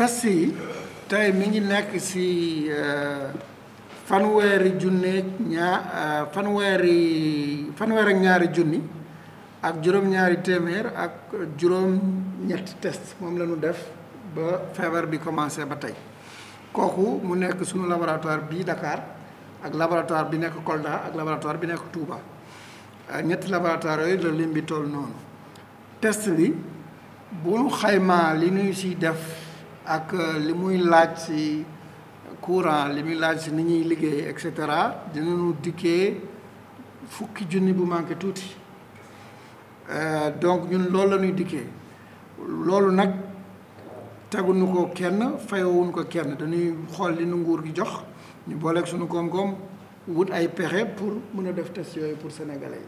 test tay mi ngi nekk si eh, fanweeri junne nya eh, fanweeri fanweer ak ñaari junni ak juróom-ñaari témèr ak juróom ñett test mom lañu def ba fever bi commencé ba tay koku mu nek suñu laboratoire bi Dakar ak laboratoire bi Nek Kolda ak laboratoire bi Nek Touba eh, ñett laboratoire yi la limbi tol non test li bu xayma li ñuy ci def ak euh, li muy laaj si courant li muy laaj si ni ñuy liggéey et cetera dinañu dikkee fukki junni bu manqué tuuti euh, donc ñun loolu lañuy ñuy dikkee loolu nag tegu teguñu ko kenn fayowuñ ko kenn dañuy xool li nu nguur gi jox ñu booleeg suñu koom-koom wut ay pexe pour mën a def test yooyu pour sénégalais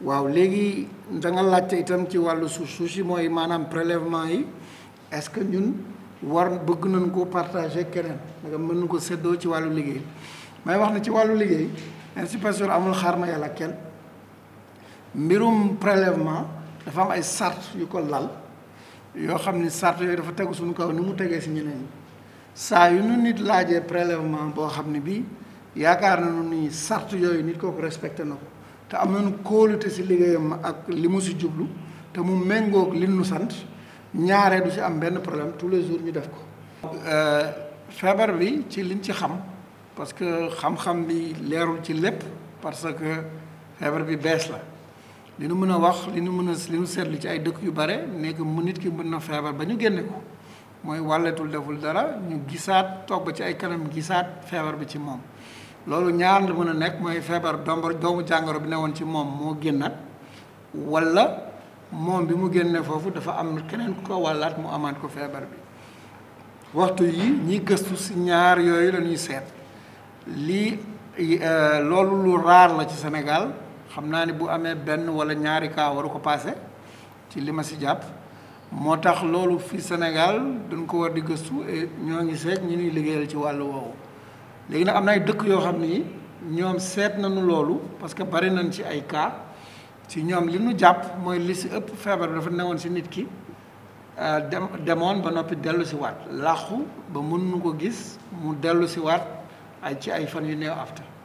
waaw léegi da nga laajte itam ci wàllu suuf suuf si mooy maanaam prélèvement yi est-ce que ñun war bëgg nañu ko partager keneen nga mën na ko séddoo ci wàllu liggéey may wax na ci wàllu liggéey ainsi pasteur amul xaar ma yàlla kenn mbirum prélèvement dafa am ay sart yu ko lal yoo xam ni sart yooyu dafa tegu suñu kaw ni mu tegee si ñeneen saa yu nu nit laajee prélèvement boo xam ne bii yaakaar nañu ni sart yooyu nit kooku respecté na ko te am nañu kóolute si liggéeyam ak li mu si jublu te mu méngoog li nu sant ñaaree du ci am benn problème tous les jours ñu def ko. Euh, feebar bi ci liñ ci xam parce que xam-xam bi leerul ci lépp parce que feebar bi bees la li nu mën a wax li nu mën a li nu seetlu ci ay dëkk yu bare nekk mu nit ki mën na feebar ba ñu génne ko mooy wàlletul deful dara ñu gisaat toog ba ci ay kanam gisaat feebar bi ci moom. loolu ñaar la mën a nekk mooy feebar dombo doomu jàngoro bi ne woon ci moom moo génnaat walla. moom bi mu génne foofu dafa am keneen ku ko wàllaat mu amaan ko feebar bi waxtu yi ñi gëstu si ñaar yooyu la seet lii euh, loolu lu raar la ci Sénégal xam naa ne bu amee benn wala ñaari cas waru ko passé ci li ma si jàpp moo tax loolu fi Sénégal dañ ko war di gëstu ñoo ngi seet ñu ñuy liggéeyal ci wàll woowu léegi nag am na ay dëkk yoo xam ne ni ñoom seet nañu loolu parce que bari nañ ci ay kaa ci ñoom li ñu jàpp mooy li si ëpp feebar bi dafa newoon si nit ki euh, dem demoon ba noppi dellu si waat làqu ba mën ko gis mu dellu si waat ay ci ay fan yu néew afta